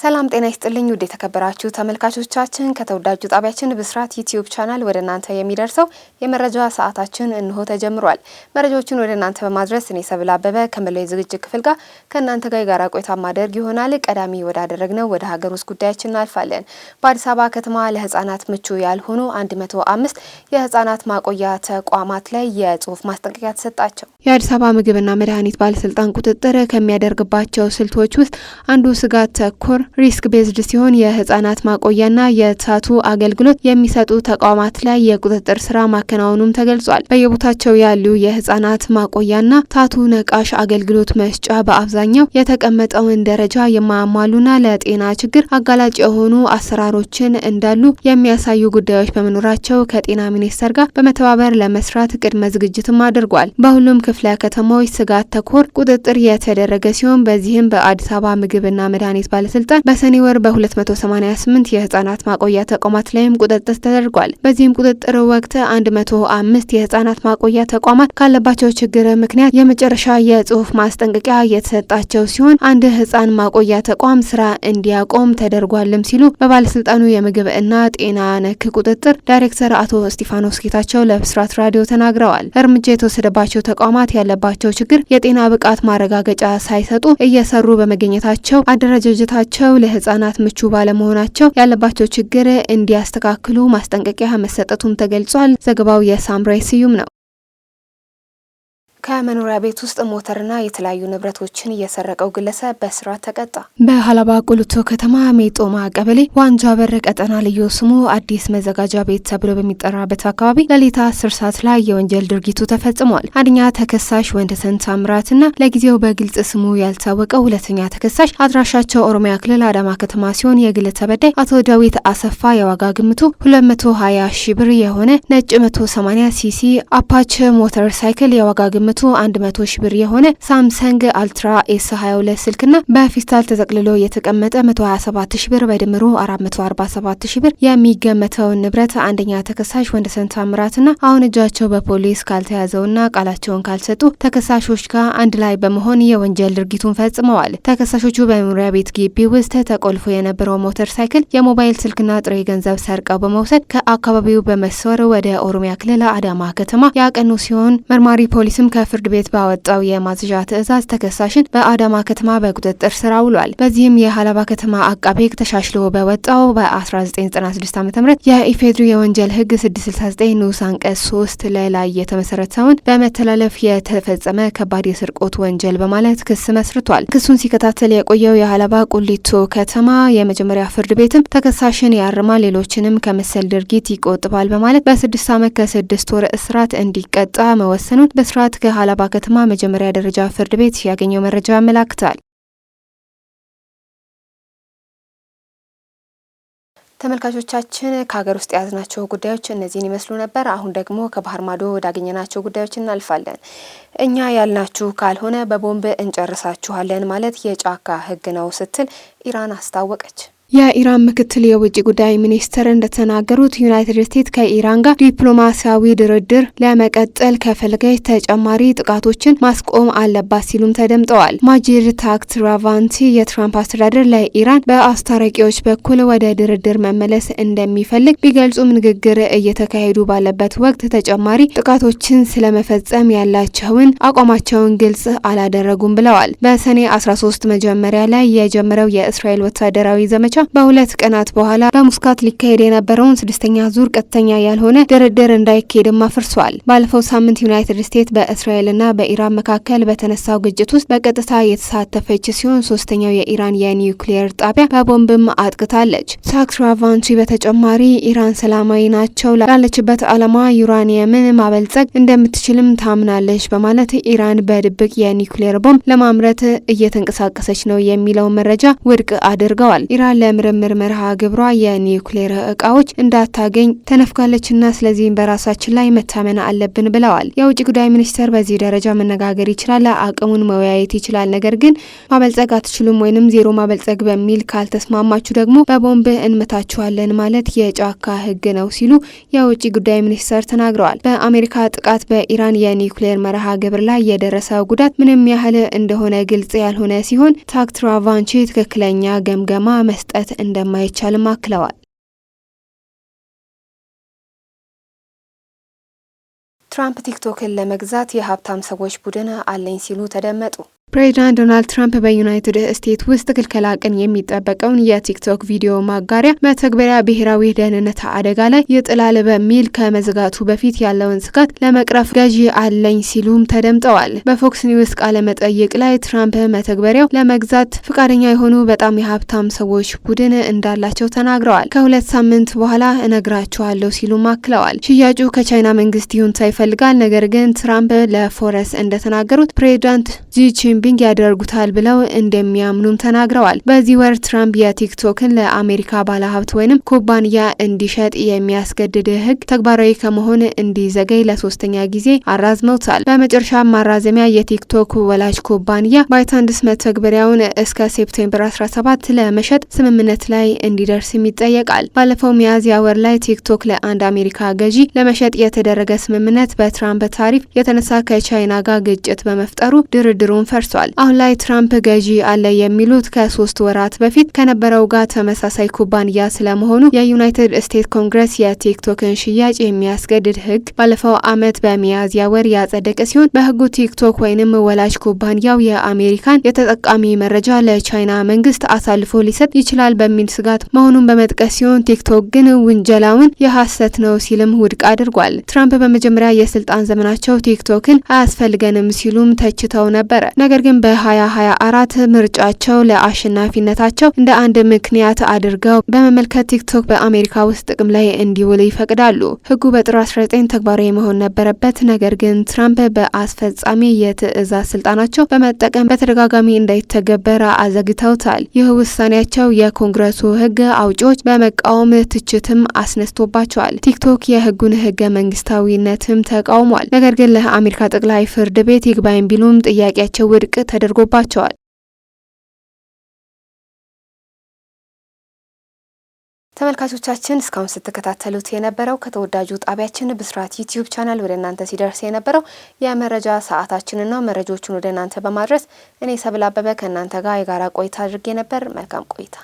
ሰላም ጤና ይስጥልኝ ውድ የተከበራችሁ ተመልካቾቻችን፣ ከተወዳጁ ጣቢያችን ብስራት ዩቲዩብ ቻናል ወደ እናንተ የሚደርሰው የመረጃ ሰዓታችን እንሆ ተጀምሯል። መረጃዎችን ወደ እናንተ በማድረስ እኔ ሰብል አበበ ከመላው የዝግጅት ክፍል ጋር ከእናንተ ጋር የጋራ ቆይታ ማደርግ ይሆናል። ቀዳሚ ወዳደረግነው ወደ ሀገር ውስጥ ጉዳያችን እናልፋለን። በአዲስ አበባ ከተማ ለህጻናት ምቹ ያልሆኑ 105 የህጻናት ማቆያ ተቋማት ላይ የጽሁፍ ማስጠንቀቂያ ተሰጣቸው። የአዲስ አበባ ምግብና መድኃኒት ባለስልጣን ቁጥጥር ከሚያደርግባቸው ስልቶች ውስጥ አንዱ ስጋት ተኮር ሪስክ ቤዝድ ሲሆን የህጻናት ማቆያና የታቱ አገልግሎት የሚሰጡ ተቋማት ላይ የቁጥጥር ስራ ማከናወኑም ተገልጿል። በየቦታቸው ያሉ የህጻናት ማቆያና ታቱ ነቃሽ አገልግሎት መስጫ በአብዛኛው የተቀመጠውን ደረጃ የማያሟሉና ለጤና ችግር አጋላጭ የሆኑ አሰራሮችን እንዳሉ የሚያሳዩ ጉዳዮች በመኖራቸው ከጤና ሚኒስቴር ጋር በመተባበር ለመስራት ቅድመ ዝግጅትም አድርጓል። በሁሉም ክፍለ ከተማዎች ስጋት ተኮር ቁጥጥር የተደረገ ሲሆን በዚህም በአዲስ አበባ ምግብና መድኃኒት ባለስልጣን ህጻን በሰኔ ወር በ288 የህጻናት ማቆያ ተቋማት ላይም ቁጥጥር ተደርጓል። በዚህም ቁጥጥር ወቅት 105 የህጻናት ማቆያ ተቋማት ካለባቸው ችግር ምክንያት የመጨረሻ የጽሁፍ ማስጠንቀቂያ የተሰጣቸው ሲሆን አንድ ህጻን ማቆያ ተቋም ስራ እንዲያቆም ተደርጓልም ሲሉ በባለስልጣኑ የምግብ እና ጤና ነክ ቁጥጥር ዳይሬክተር አቶ ስቲፋኖስ ጌታቸው ለብስራት ራዲዮ ተናግረዋል። እርምጃ የተወሰደባቸው ተቋማት ያለባቸው ችግር የጤና ብቃት ማረጋገጫ ሳይሰጡ እየሰሩ በመገኘታቸው አደረጃጀታቸው መሆናቸው ለህጻናት ምቹ ባለመሆናቸው ያለባቸው ችግር እንዲያስተካክሉ ማስጠንቀቂያ መሰጠቱም ተገልጿል። ዘገባው የሳምራይ ስዩም ነው። ከመኖሪያ ቤት ውስጥ ሞተርና የተለያዩ ንብረቶችን እየሰረቀው ግለሰብ በእስራት ተቀጣ። በሀላባ ቁልቶ ከተማ ሜጦማ ቀበሌ ዋንጃ በር ቀጠና ልዩ ስሙ አዲስ መዘጋጃ ቤት ተብሎ በሚጠራበት አካባቢ ሌሊት አስር ሰዓት ላይ የወንጀል ድርጊቱ ተፈጽሟል። አንደኛ ተከሳሽ ወንደሰን ታምራትና ለጊዜው በግልጽ ስሙ ያልታወቀው ሁለተኛ ተከሳሽ አድራሻቸው ኦሮሚያ ክልል አዳማ ከተማ ሲሆን የግል ተበዳይ አቶ ዳዊት አሰፋ የዋጋ ግምቱ 220 ሺ ብር የሆነ ነጭ 180 ሲሲ አፓች ሞተር ሳይክል የዋጋ ግምቱ በግምቱ 100 ሺ ብር የሆነ ሳምሰንግ አልትራ ኤስ 22 ስልክና በፊስታል ተጠቅልሎ የተቀመጠ 127 ሺ ብር በድምሩ 447 ሺ ብር የሚገመተውን ንብረት አንደኛ ተከሳሽ ወንደሰን ታምራትና አሁን እጃቸው በፖሊስ ካልተያዘውና ቃላቸውን ካልሰጡ ተከሳሾች ጋር አንድ ላይ በመሆን የወንጀል ድርጊቱን ፈጽመዋል። ተከሳሾቹ በመኖሪያ ቤት ግቢ ውስጥ ተቆልፎ የነበረው ሞተር ሳይክል፣ የሞባይል ስልክና ጥሬ ገንዘብ ሰርቀው በመውሰድ ከአካባቢው በመሰወር ወደ ኦሮሚያ ክልል አዳማ ከተማ ያቀኑ ሲሆን መርማሪ ፖሊስም ከ ፍርድ ቤት ባወጣው የማዝዣ ትዕዛዝ ተከሳሽን በአዳማ ከተማ በቁጥጥር ስር ውሏል። በዚህም የሀላባ ከተማ አቃቤ ሕግ ተሻሽሎ በወጣው በ1996 ዓ ም የኢፌድሪ የወንጀል ሕግ 669 ንዑስ አንቀጽ 3 ላይ ላይ የተመሰረተውን በመተላለፍ የተፈጸመ ከባድ የስርቆት ወንጀል በማለት ክስ መስርቷል። ክሱን ሲከታተል የቆየው የሀላባ ቁሊቶ ከተማ የመጀመሪያ ፍርድ ቤትም ተከሳሽን ያርማል፣ ሌሎችንም ከመሰል ድርጊት ይቆጥባል በማለት በስድስት ዓመት ከስድስት ወር እስራት እንዲቀጣ መወሰኑን በስርዓት ከ የሀላባ ከተማ መጀመሪያ ደረጃ ፍርድ ቤት ያገኘው መረጃ ያመላክታል። ተመልካቾቻችን ከሀገር ውስጥ የያዝናቸው ጉዳዮች እነዚህን ይመስሉ ነበር። አሁን ደግሞ ከባህር ማዶ ወዳገኘናቸው ጉዳዮች እናልፋለን። እኛ ያልናችሁ ካልሆነ በቦምብ እንጨርሳችኋለን ማለት የጫካ ሕግ ነው ስትል ኢራን አስታወቀች። የኢራን ምክትል የውጭ ጉዳይ ሚኒስትር እንደተናገሩት ዩናይትድ ስቴትስ ከኢራን ጋር ዲፕሎማሲያዊ ድርድር ለመቀጠል ከፈለገች ተጨማሪ ጥቃቶችን ማስቆም አለባት ሲሉም ተደምጠዋል። ማጂድ ታክት ራቫንቲ የትራምፕ አስተዳደር ለኢራን በአስታራቂዎች በኩል ወደ ድርድር መመለስ እንደሚፈልግ ቢገልጹም ንግግር እየተካሄዱ ባለበት ወቅት ተጨማሪ ጥቃቶችን ስለመፈጸም ያላቸውን አቋማቸውን ግልጽ አላደረጉም ብለዋል። በሰኔ 13 መጀመሪያ ላይ የጀመረው የእስራኤል ወታደራዊ ዘመቻ በሁለት ቀናት በኋላ በሙስካት ሊካሄድ የነበረውን ስድስተኛ ዙር ቀጥተኛ ያልሆነ ድርድር እንዳይካሄድም አፍርሷል። ባለፈው ሳምንት ዩናይትድ ስቴትስ በእስራኤልና በኢራን መካከል በተነሳው ግጭት ውስጥ በቀጥታ የተሳተፈች ሲሆን ሶስተኛው የኢራን የኒውክሊየር ጣቢያ በቦምብም አጥቅታለች። ሳክራቫንቺ በተጨማሪ ኢራን ሰላማዊ ናቸው ላለችበት ዓላማ ዩራኒየምን ማበልጸግ እንደምትችልም ታምናለች በማለት ኢራን በድብቅ የኒውክሊየር ቦምብ ለማምረት እየተንቀሳቀሰች ነው የሚለው መረጃ ውድቅ አድርገዋል። ኢራን ለምርምር መርሃ ግብሯ የኒውክሌር እቃዎች እንዳታገኝ ተነፍጋለችና ስለዚህም በራሳችን ላይ መታመን አለብን ብለዋል። የውጭ ጉዳይ ሚኒስተር በዚህ ደረጃ መነጋገር ይችላል፣ አቅሙን መወያየት ይችላል። ነገር ግን ማበልጸግ አትችሉም ወይንም ዜሮ ማበልጸግ በሚል ካልተስማማችሁ ደግሞ በቦምብ እንመታችኋለን ማለት የጫካ ህግ ነው ሲሉ የውጭ ጉዳይ ሚኒስተር ተናግረዋል። በአሜሪካ ጥቃት በኢራን የኒውክሌር መርሃ ግብር ላይ የደረሰው ጉዳት ምንም ያህል እንደሆነ ግልጽ ያልሆነ ሲሆን ታክትራቫንቺ ትክክለኛ ገምገማ መስጠት መስጠት እንደማይቻልም አክለዋል። ትራምፕ ቲክቶክን ለመግዛት የሀብታም ሰዎች ቡድን አለኝ ሲሉ ተደመጡ። ፕሬዚዳንት ዶናልድ ትራምፕ በዩናይትድ ስቴትስ ውስጥ ክልከላ ቀን የሚጠበቀውን የቲክቶክ ቪዲዮ ማጋሪያ መተግበሪያ ብሔራዊ ደህንነት አደጋ ላይ ይጥላል በሚል ከመዝጋቱ በፊት ያለውን ስጋት ለመቅረፍ ገዢ አለኝ ሲሉም ተደምጠዋል። በፎክስ ኒውስ ቃለ መጠይቅ ላይ ትራምፕ መተግበሪያው ለመግዛት ፈቃደኛ የሆኑ በጣም የሀብታም ሰዎች ቡድን እንዳላቸው ተናግረዋል። ከሁለት ሳምንት በኋላ እነግራቸዋለሁ ሲሉም አክለዋል። ሽያጩ ከቻይና መንግስት ይሁንታ ይፈልጋል። ነገር ግን ትራምፕ ለፎረስ እንደተናገሩት ፕሬዚዳንት ጂ ሻምፒንግ ያደርጉታል ብለው እንደሚያምኑም ተናግረዋል። በዚህ ወር ትራምፕ የቲክቶክን ለአሜሪካ ባለሀብት ወይም ኩባንያ እንዲሸጥ የሚያስገድድ ሕግ ተግባራዊ ከመሆን እንዲዘገይ ለሶስተኛ ጊዜ አራዝመውታል። በመጨረሻ ማራዘሚያ የቲክቶክ ወላጅ ኩባንያ ባይታንድስ መተግበሪያውን እስከ ሴፕቴምበር 17 ለመሸጥ ስምምነት ላይ እንዲደርስም ይጠየቃል። ባለፈው ሚያዝያ ወር ላይ ቲክቶክ ለአንድ አሜሪካ ገዢ ለመሸጥ የተደረገ ስምምነት በትራምፕ ታሪፍ የተነሳ ከቻይና ጋር ግጭት በመፍጠሩ ድርድሩን ፈርሷል። ተከስቷል። አሁን ላይ ትራምፕ ገዢ አለ የሚሉት ከሶስት ወራት በፊት ከነበረው ጋር ተመሳሳይ ኩባንያ ስለመሆኑ የዩናይትድ ስቴትስ ኮንግረስ የቲክቶክን ሽያጭ የሚያስገድድ ሕግ ባለፈው አመት በሚያዝያ ወር ያጸደቀ ሲሆን በህጉ ቲክቶክ ወይንም ወላጅ ኩባንያው የአሜሪካን የተጠቃሚ መረጃ ለቻይና መንግስት አሳልፎ ሊሰጥ ይችላል በሚል ስጋት መሆኑን በመጥቀስ ሲሆን ቲክቶክ ግን ውንጀላውን የሐሰት ነው ሲልም ውድቅ አድርጓል። ትራምፕ በመጀመሪያ የስልጣን ዘመናቸው ቲክቶክን አያስፈልገንም ሲሉም ተችተው ነበረ። ነገር ግን በ2024 ምርጫቸው ለአሸናፊነታቸው እንደ አንድ ምክንያት አድርገው በመመልከት ቲክቶክ በአሜሪካ ውስጥ ጥቅም ላይ እንዲውል ይፈቅዳሉ። ህጉ በጥር 19 ተግባራዊ መሆን ነበረበት። ነገር ግን ትራምፕ በአስፈጻሚ የትእዛዝ ስልጣናቸው በመጠቀም በተደጋጋሚ እንዳይተገበር አዘግተውታል። ይህ ውሳኔያቸው የኮንግረሱ ህግ አውጪዎች በመቃወም ትችትም አስነስቶባቸዋል። ቲክቶክ የህጉን ህገ መንግስታዊነትም ተቃውሟል። ነገር ግን ለአሜሪካ ጠቅላይ ፍርድ ቤት ይግባኝ ቢሉም ጥያቄያቸው ውድቅ ውድቅ ተደርጎባቸዋል። ተመልካቾቻችን እስካሁን ስትከታተሉት የነበረው ከተወዳጁ ጣቢያችን ብስራት ዩቲዩብ ቻናል ወደ እናንተ ሲደርስ የነበረው የመረጃ ሰዓታችንን ነው። መረጃዎቹን ወደ እናንተ በማድረስ እኔ ሰብል አበበ ከእናንተ ጋር የጋራ ቆይታ አድርጌ ነበር። መልካም ቆይታ